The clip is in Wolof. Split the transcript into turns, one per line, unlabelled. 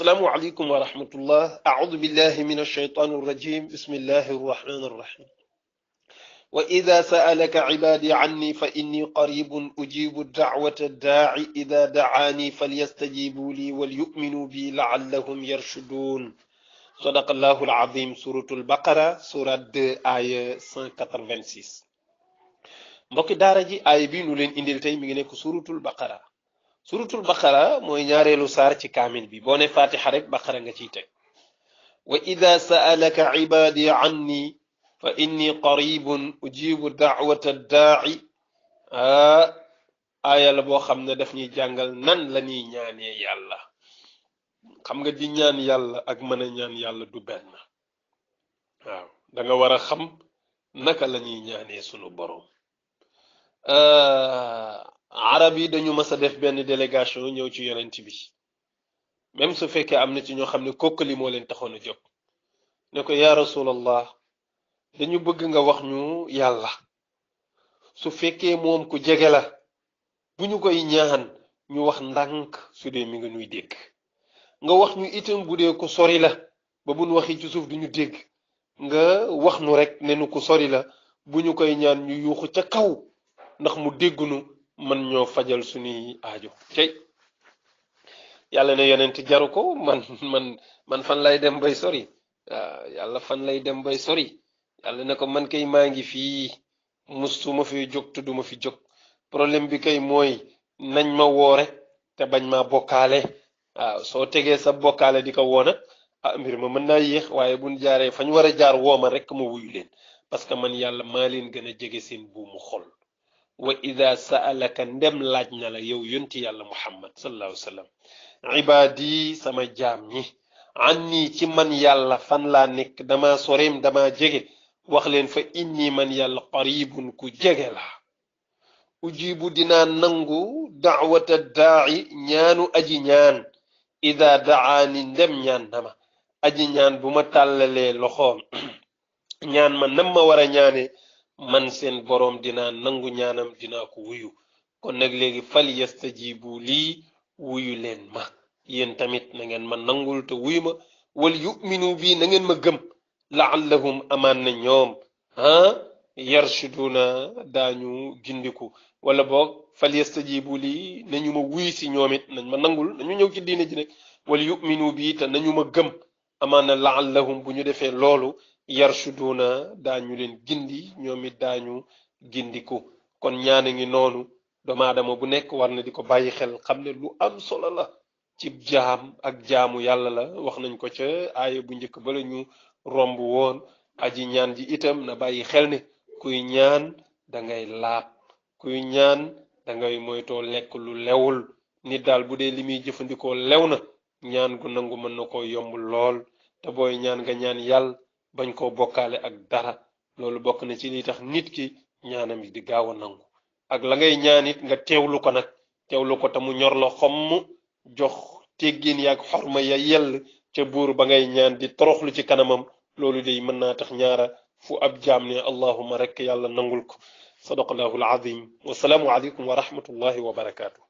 السلام عليكم ورحمة الله أعوذ بالله من الشيطان الرجيم بسم الله الرحمن الرحيم وإذا سألك عبادي عني فإني قريب أجيب الدعوة الداعي إذا دعاني فليستجيبوا لي وليؤمنوا بي لعلهم يرشدون صدق الله العظيم سورة البقرة سورة 2 آية 186 mbokki daara ji aay bi nu leen indil tey suratul baqara mooy ñaareelu saarci ci kaamil bi boo ne fatiha rek baqara nga ci teg wa ida saalaka ibadi anni fa inni qaribun ujibu daawata daaci a ah, aaya la boo xam ne daf ñuy jàngal nan la ñuy ñaanee yàlla xam nga di ñaan yàlla ak mën ñaan yàlla du benn waaw war a xam naka la ñuy ñaanee sunu boroom ah, arab yi dañu mës a def benn délégation ñëw ci yonent bi même su fekkee am na ci ñoo xam ne kokkali moo leen taxoon a jóg ne ko yaa rasulallah dañu bëgg nga wax ñu yàlla su fekkee moom ku jege la bu ñu koy ñaan ñu wax ndànk su dee mi nga nuy dégg nga wax ñu itam bu dee sori la ba buñ ci suuf duñu dégg nga wax nu rek ne nu ku sori la bu ñu koy ñaan ñu yuuxu ca kaw ndax mu déggunu man ñoo fajal suñuy aajo tey yalla ne yonent jaru ko man man man fan lay dem bay sori ah, yalla fan lay dem bay sori yalla ne ko man kay maangi fi mustuma fi jóg ma fi jog problème bi kay moy nañ ma woré te bañ ma bokalé so ah, soo sa bokalé di wona ah mbir ma man na yex waye buñ jaaré fañ wara jaar woma rek ma wuyu len parce que man yalla ma leen gëna sin jege seen buumu xol wa ida saalaka ndem laaj na la yow yonti yàlla muhammad sallallahu alayhi wa sallam ibaadi sama jaam ñi an nii ci man yàlla fan laa nekk dama soreem dama jege wax leen fa inni man yàlla qaribun ku jege la ujibu dinaa nangu daawata daa'i ñaanu aji ñaan ida daani ndem ñaan na ma aji ñaan bu ma tàllalee loxoom ñaan ma nam ma war a ñaane Ah. man seen boroom dinaa nangu ñaanam dinaa ko wuyu kon nag léegi fal yastajibu lii wuyu leen ma yéen tamit na ngeen ma nangul te wuyu ma wal yuminu bii na ngeen ma gëm laallahum amaan na ñoom ah yarshuduuna daañu gindiku wala boog fal yastajibu lii nañu ma wuy si ñoom it nañ ma nangul nañu ñëw ci diine ji nag wal yuminu bii te nañu ma gëm amaan na laallahum bu ñu defee loolu yarshuduuna daañu leen gindi ñoom it daañu gindiku kon ñaan ngi noonu doomu aadama bu nekk war na di ko bàyyi xel xam ne lu am solo la ci jaam ak jaamu yàlla la wax nañ ko ca aaya bu njëkk ba la ñu romb woon aji ñaan ji itam na bàyyi xel ne kuy ñaan dangay ngay laab kuy ñaan dangay ngay moytoo lekk lu lewul nit daal bu dee li muy jëfandikoo lew na ñaan gu nangu mën na ko yomb lool te booy ñaan nga ñaan yàlla bañ ko bokkaale ak dara loolu bokk na ci li tax nit ki ñaanam yi di gaaw a nangu ak la ngay ñaan it nga teewlu ko nag teewlu ko te mu ñor la xomm jox teggin yaag xorma ya yell ca buur ba ngay ñaan di toroxlu ci kanamam loolu de mën naa tax ñaara fu ab jaam ne allahuma rek yàlla nangul ko sadaqallahu alazim wasalaamu aleykum wa rahmatullahi wa barakaatu.